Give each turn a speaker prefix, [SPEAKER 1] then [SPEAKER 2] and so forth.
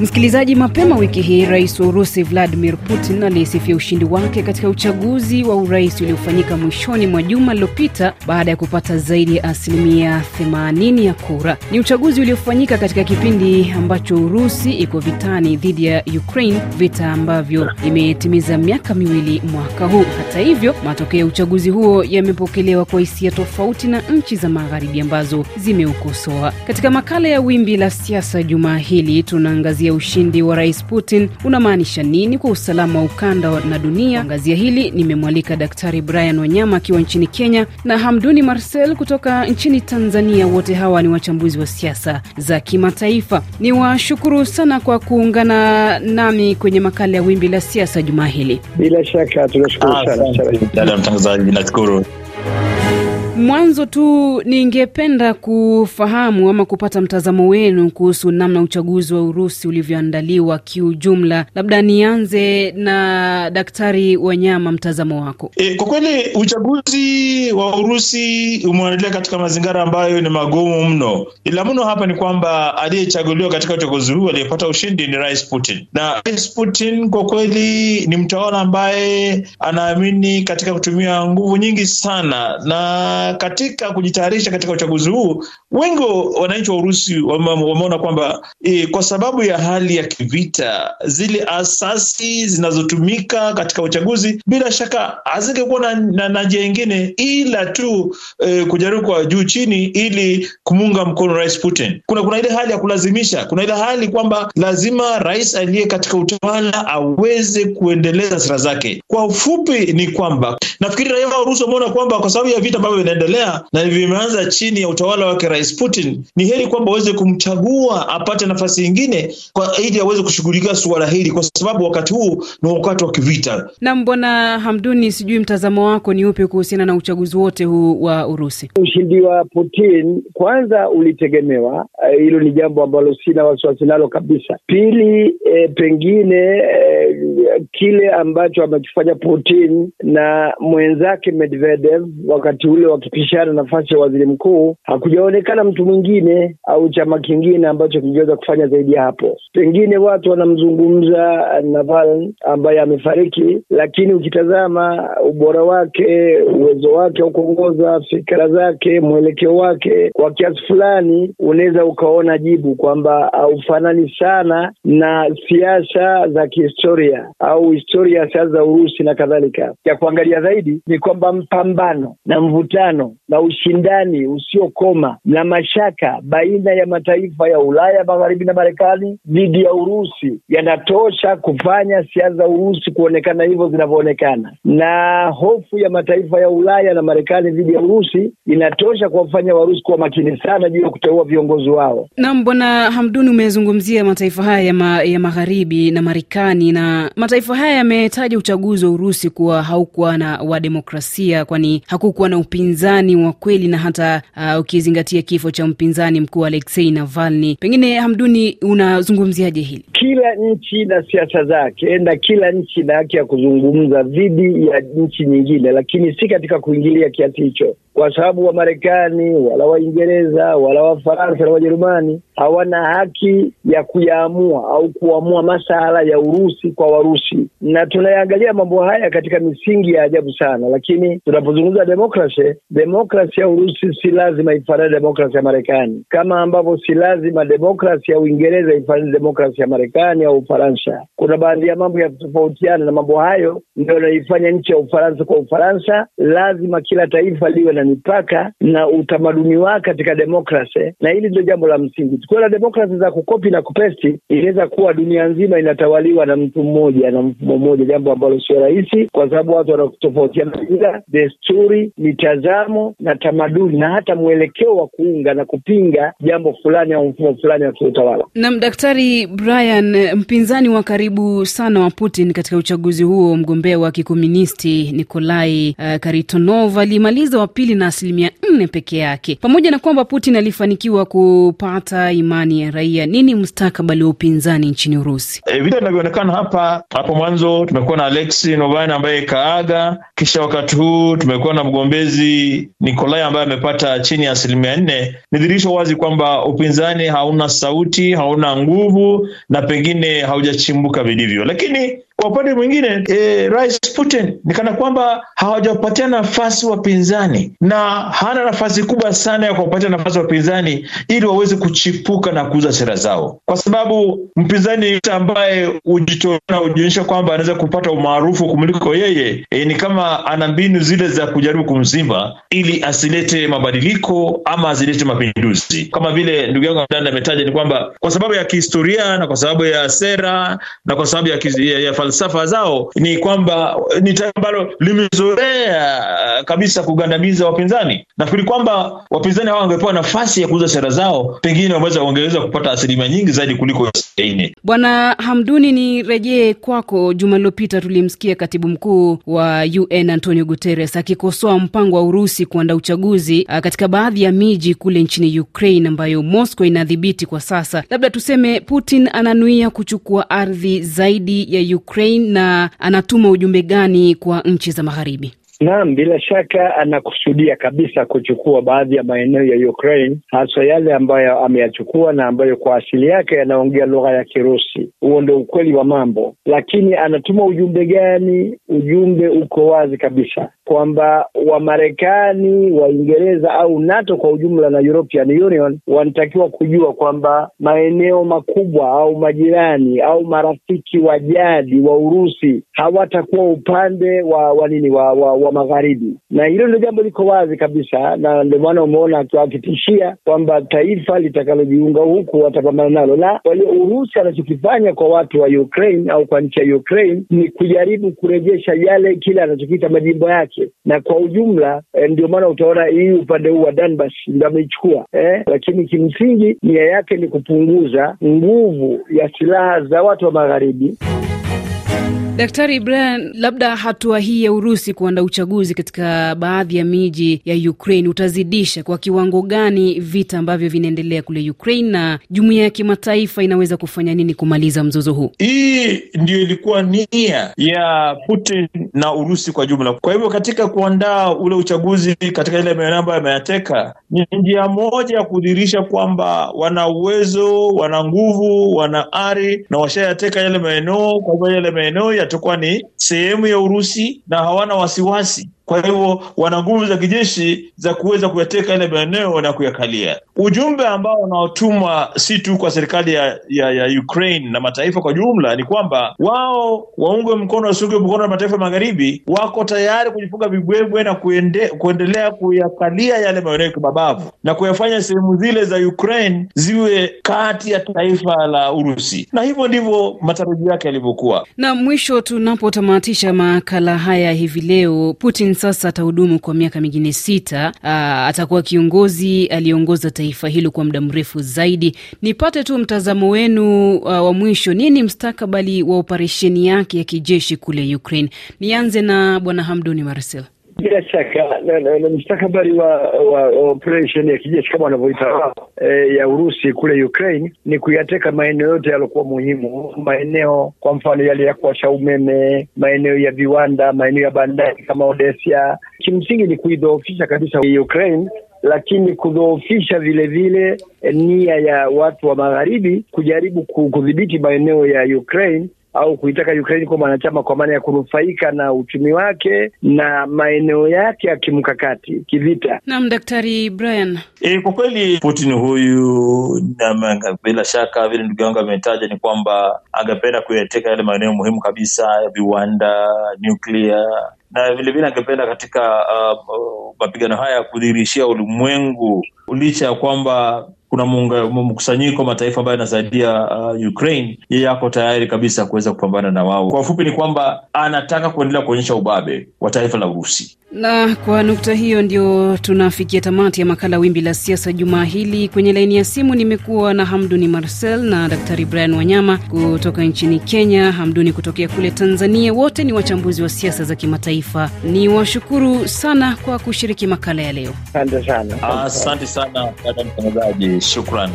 [SPEAKER 1] Msikilizaji, mapema wiki hii rais wa Urusi Vladimir Putin aliyesifia ushindi wake katika uchaguzi wa urais uliofanyika mwishoni mwa juma lililopita baada ya kupata zaidi ya asilimia 80 ya kura. Ni uchaguzi uliofanyika katika kipindi ambacho Urusi iko vitani dhidi ya Ukraine, vita ambavyo imetimiza miaka miwili mwaka huu. Hata hivyo, matokeo ya uchaguzi huo yamepokelewa kwa hisia tofauti na nchi za magharibi ambazo zimeukosoa. Katika makala ya Wimbi la Siasa juma hili tunaangazia ya ushindi wa Rais Putin unamaanisha nini kwa usalama wa ukanda na dunia? Angazia hili nimemwalika Daktari Brian Wanyama akiwa nchini Kenya na Hamduni Marcel kutoka nchini Tanzania. Wote hawa ni wachambuzi wa siasa za kimataifa. Ni washukuru sana kwa kuungana nami kwenye makala ya Wimbi la Siasa jumaa hili.
[SPEAKER 2] Bila shaka tunashukuru sana mtangazaji, nashukuru.
[SPEAKER 1] Mwanzo tu ningependa kufahamu ama kupata mtazamo wenu kuhusu namna uchaguzi wa Urusi ulivyoandaliwa kiujumla. Labda nianze na Daktari Wanyama, mtazamo wako. E, kwa kweli
[SPEAKER 3] uchaguzi wa Urusi umeandalia katika mazingira ambayo ni magumu mno. Ila mno hapa ni kwamba aliyechaguliwa katika uchaguzi huu aliyepata ushindi ni Rais Putin, na Rais Putin kwa kweli ni mtawala ambaye anaamini katika kutumia nguvu nyingi sana na katika kujitayarisha katika uchaguzi huu, wengi wananchi wa Urusi wameona kwamba e, kwa sababu ya hali ya kivita, zile asasi zinazotumika katika uchaguzi bila shaka hazingekuwa na, na, na njia ingine ila tu e, kujaribu kwa juu chini ili kumuunga mkono Rais Putin. Kuna kuna ile hali ya kulazimisha, kuna ile hali kwamba lazima rais aliye katika utawala aweze kuendeleza sera zake. Kwa ufupi ni kwamba nafikiri raia wa Urusi wameona kwamba kwa sababu ya vita ambavyo vinaendelea na vimeanza chini ya utawala wake Rais Putin, ni heri kwamba aweze kumchagua apate nafasi nyingine ili aweze kushughulikia suala hili, kwa sababu wakati huu ni wakati wa kivita.
[SPEAKER 1] Nam, Bwana Hamduni, sijui mtazamo wako ni upi kuhusiana na uchaguzi wote huu wa Urusi? Ushindi
[SPEAKER 2] wa Putin kwanza ulitegemewa, eh, hilo ni jambo ambalo sina wasiwasi nalo kabisa.
[SPEAKER 1] Pili e,
[SPEAKER 2] pengine e, kile ambacho amekifanya Putin na mwenzake Medvedev wakati ule wa wakipishana nafasi ya waziri mkuu, hakujaonekana mtu mwingine au chama kingine ambacho kingeweza kufanya zaidi ya hapo. Pengine watu wanamzungumza naval ambaye amefariki, lakini ukitazama ubora wake, uwezo wake wa kuongoza, fikira zake, mwelekeo wake, kwa kiasi fulani unaweza ukaona jibu kwamba haufanani sana na siasa za kihistoria au historia ya siasa za Urusi na kadhalika. Ya kuangalia zaidi ni kwamba mpambano na mvutano mapambano na ushindani usiokoma na mashaka baina ya mataifa ya Ulaya Magharibi na Marekani dhidi ya Urusi yanatosha kufanya siasa za Urusi kuonekana hivyo zinavyoonekana, na hofu ya mataifa ya Ulaya na Marekani dhidi ya Urusi inatosha kuwafanya Warusi kuwa makini sana juu ya kuteua viongozi
[SPEAKER 1] wao. Naam, Bwana Hamduni, umezungumzia mataifa haya ya, ma, ya Magharibi na Marekani, na mataifa haya yametaja uchaguzi wa Urusi kuwa haukuwa na wa demokrasia, kwani hakukuwa na upinzani upinzani wa kweli na hata uh, ukizingatia kifo cha mpinzani mkuu Alexei Navalny. Pengine Hamduni, unazungumziaje hili?
[SPEAKER 2] Kila nchi na siasa zake, na kila nchi na haki ya kuzungumza dhidi ya nchi nyingine, lakini si katika kuingilia kiasi hicho, kwa sababu Wamarekani wala Waingereza wala Wafaransa na Wajerumani hawana haki ya kuyaamua au kuamua masala ya Urusi kwa Warusi, na tunayaangalia mambo haya katika misingi ya ajabu sana. Lakini tunapozungumza demokrasi, demokrasi ya Urusi si lazima ifanane demokrasi ya Marekani, kama ambavyo si lazima demokrasi ya Uingereza ifanane demokrasi ya Marekani au Ufaransa. Kuna baadhi ya mambo yatofautiana, na mambo hayo ndio yanaifanya nchi ya Ufaransa kwa Ufaransa. Lazima kila taifa liwe na mipaka na utamaduni wake katika demokrasi, na hili ndio jambo la msingi. Suala la demokrasi za kukopi na kupesti inaweza kuwa dunia nzima inatawaliwa na mtu mmoja na mfumo mmoja, jambo ambalo sio rahisi, kwa sababu watu wanatofautiana mila, desturi, mitazamo na tamaduni na hata mwelekeo wa kuunga na kupinga jambo fulani au mfumo fulani wa kiutawala.
[SPEAKER 1] Nam Daktari Brian, mpinzani wa karibu sana wa Putin katika uchaguzi huo, mgombea wa kikomunisti Nikolai uh, Karitonov alimaliza wa pili na asilimia nne peke yake, pamoja na kwamba Putin alifanikiwa kupata imani ya raia. Nini mustakabali wa upinzani nchini Urusi?
[SPEAKER 3] E, vile inavyoonekana hapa hapo mwanzo tumekuwa na Alexei Navalny ambaye kaaga, kisha wakati huu tumekuwa na mgombezi Nikolai ambaye amepata chini ya asilimia nne. Ni dhirisho wazi kwamba upinzani hauna sauti, hauna nguvu na pengine haujachimbuka vilivyo, lakini kwa upande mwingine e, Rais Putin ni kana kwamba hawajapatia nafasi wapinzani, na hana nafasi kubwa sana ya kuwapatia nafasi wapinzani ili waweze kuchipuka na kuuza sera zao, kwa sababu mpinzani ambaye hujitolea na hujionyesha kwamba anaweza kupata umaarufu kumliko yeye e, ni kama ana mbinu zile za kujaribu kumzima ili asilete mabadiliko ama asilete mapinduzi. Kama vile ndugu yangu ametaja, ni kwamba kwa sababu ya kihistoria na kwa sababu ya sera na kwa sababu ya, ya, ya falsafa zao ni kwamba ni taifa ambalo limezoea kabisa kugandamiza wapinzani. Nafikiri kwamba wapinzani hawa wangepewa nafasi ya kuuza sera zao, pengine wameweza wangeweza kupata asilimia nyingi zaidi kuliko saini.
[SPEAKER 1] Bwana Hamduni, ni rejee kwako. Juma lilopita tulimsikia katibu mkuu wa UN Antonio Guterres akikosoa mpango wa Urusi kuandaa uchaguzi uh, katika baadhi ya miji kule nchini Ukraine ambayo Moscow inadhibiti kwa sasa. Labda tuseme Putin ananuia kuchukua ardhi zaidi ya Ukraine Ukraine na anatuma ujumbe gani kwa nchi za magharibi?
[SPEAKER 2] Naam, bila shaka anakusudia kabisa kuchukua baadhi ya maeneo ya Ukraine, haswa yale ambayo ameyachukua na ambayo kwa asili yake yanaongea lugha ya Kirusi. Huo ndio ukweli wa mambo, lakini anatuma ujumbe gani? Ujumbe uko wazi kabisa kwamba Wamarekani, Waingereza au NATO kwa ujumla na European Union wanatakiwa kujua kwamba maeneo makubwa au majirani au marafiki wa jadi wa Urusi hawatakuwa upande wa wa nini wa, wa, wa magharibi, na hilo ndio jambo liko wazi kabisa, na ndio maana umeona akitishia kwamba taifa litakalojiunga huku watapambana nalo. Na kwa hiyo Urusi anachokifanya kwa watu wa Ukraine au kwa nchi ya Ukraine ni kujaribu kurejesha yale kile anachokiita majimbo yake yake, na kwa ujumla eh, ndio maana utaona hii upande huu wa Donbas ndo ameichukua eh, lakini kimsingi nia yake ni kupunguza nguvu ya silaha za watu wa magharibi.
[SPEAKER 1] Daktari Brian, labda hatua hii ya Urusi kuandaa uchaguzi katika baadhi ya miji ya Ukraine utazidisha kwa kiwango gani vita ambavyo vinaendelea kule Ukraine, na jumuiya ya kimataifa inaweza kufanya nini kumaliza mzozo huu? Hii ndio ilikuwa
[SPEAKER 3] nia ya Putin na Urusi kwa jumla. Kwa hivyo katika kuandaa ule uchaguzi katika ile maeneo ambayo ameyateka, ni njia moja ya kudhihirisha kwamba wana uwezo, wana nguvu, wana ari na washayateka yale maeneo. Kwa hivyo yale maeneo ya itakuwa ni sehemu ya Urusi na hawana wasiwasi kwa hivyo wana nguvu za kijeshi za kuweza kuyateka yale maeneo na kuyakalia. Ujumbe ambao unaotumwa si tu kwa serikali ya, ya, ya Ukraine na mataifa kwa jumla ni kwamba wao waunge mkono, wasiunge mkono na mataifa magharibi, wako tayari kujifunga vibwebwe na kuende, kuendelea kuyakalia yale maeneo kimabavu na kuyafanya sehemu zile za Ukraine ziwe kati ya taifa la Urusi, na hivyo ndivyo matarajio yake yalivyokuwa.
[SPEAKER 1] Na mwisho tunapotamatisha makala haya hivi leo, Putin sasa atahudumu kwa miaka mingine sita. Uh, atakuwa kiongozi aliyeongoza taifa hilo kwa muda mrefu zaidi. Nipate tu mtazamo wenu uh, wa mwisho, nini mstakabali wa operesheni yake ya kijeshi kule Ukraine? Nianze na Bwana Hamduni Marcel.
[SPEAKER 2] Bila shaka mstakabali wa, wa operesheni ya kijeshi kama wanavyoita wao e, ya Urusi kule Ukraine ni kuyateka maeneo yote yaliokuwa muhimu, maeneo kwa mfano yale ya kuwasha umeme, maeneo ya viwanda, maeneo ya bandari kama Odesia. Kimsingi ni kuidhoofisha kabisa Ukraine, lakini kudhoofisha vile vile eh, nia ya watu wa magharibi kujaribu kudhibiti maeneo ya Ukraine au kuitaka Ukraine kuwa mwanachama kwa maana ya kunufaika na uchumi wake na maeneo yake ya kimkakati
[SPEAKER 3] kivita.
[SPEAKER 1] Naam, Daktari Brian. E, kwa kweli Putin huyu
[SPEAKER 3] bila shaka vile ndugu yangu ametaja ni kwamba angependa kuyateka yale maeneo muhimu kabisa ya viwanda, nuclear na vilevile angependa katika uh, uh, mapigano haya kudhihirishia ulimwengu licha ya kwamba kuna mkusanyiko mataifa ambayo yanasaidia uh, Ukraine, yeye ako tayari kabisa kuweza kupambana na wao. Kwa ufupi ni kwamba anataka kuendelea kuonyesha ubabe wa taifa la Urusi.
[SPEAKER 1] Na kwa nukta hiyo ndio tunafikia tamati ya makala Wimbi la Siasa jumaa hili. Kwenye laini ya simu nimekuwa na Hamduni Marcel na Daktari Brian Wanyama kutoka nchini Kenya, Hamduni kutokea kule Tanzania. Wote ni wachambuzi wa siasa za kimataifa. Ni washukuru sana kwa kushiriki makala ya leo. Asante sana, asante
[SPEAKER 3] sana dada mtangazaji, shukran.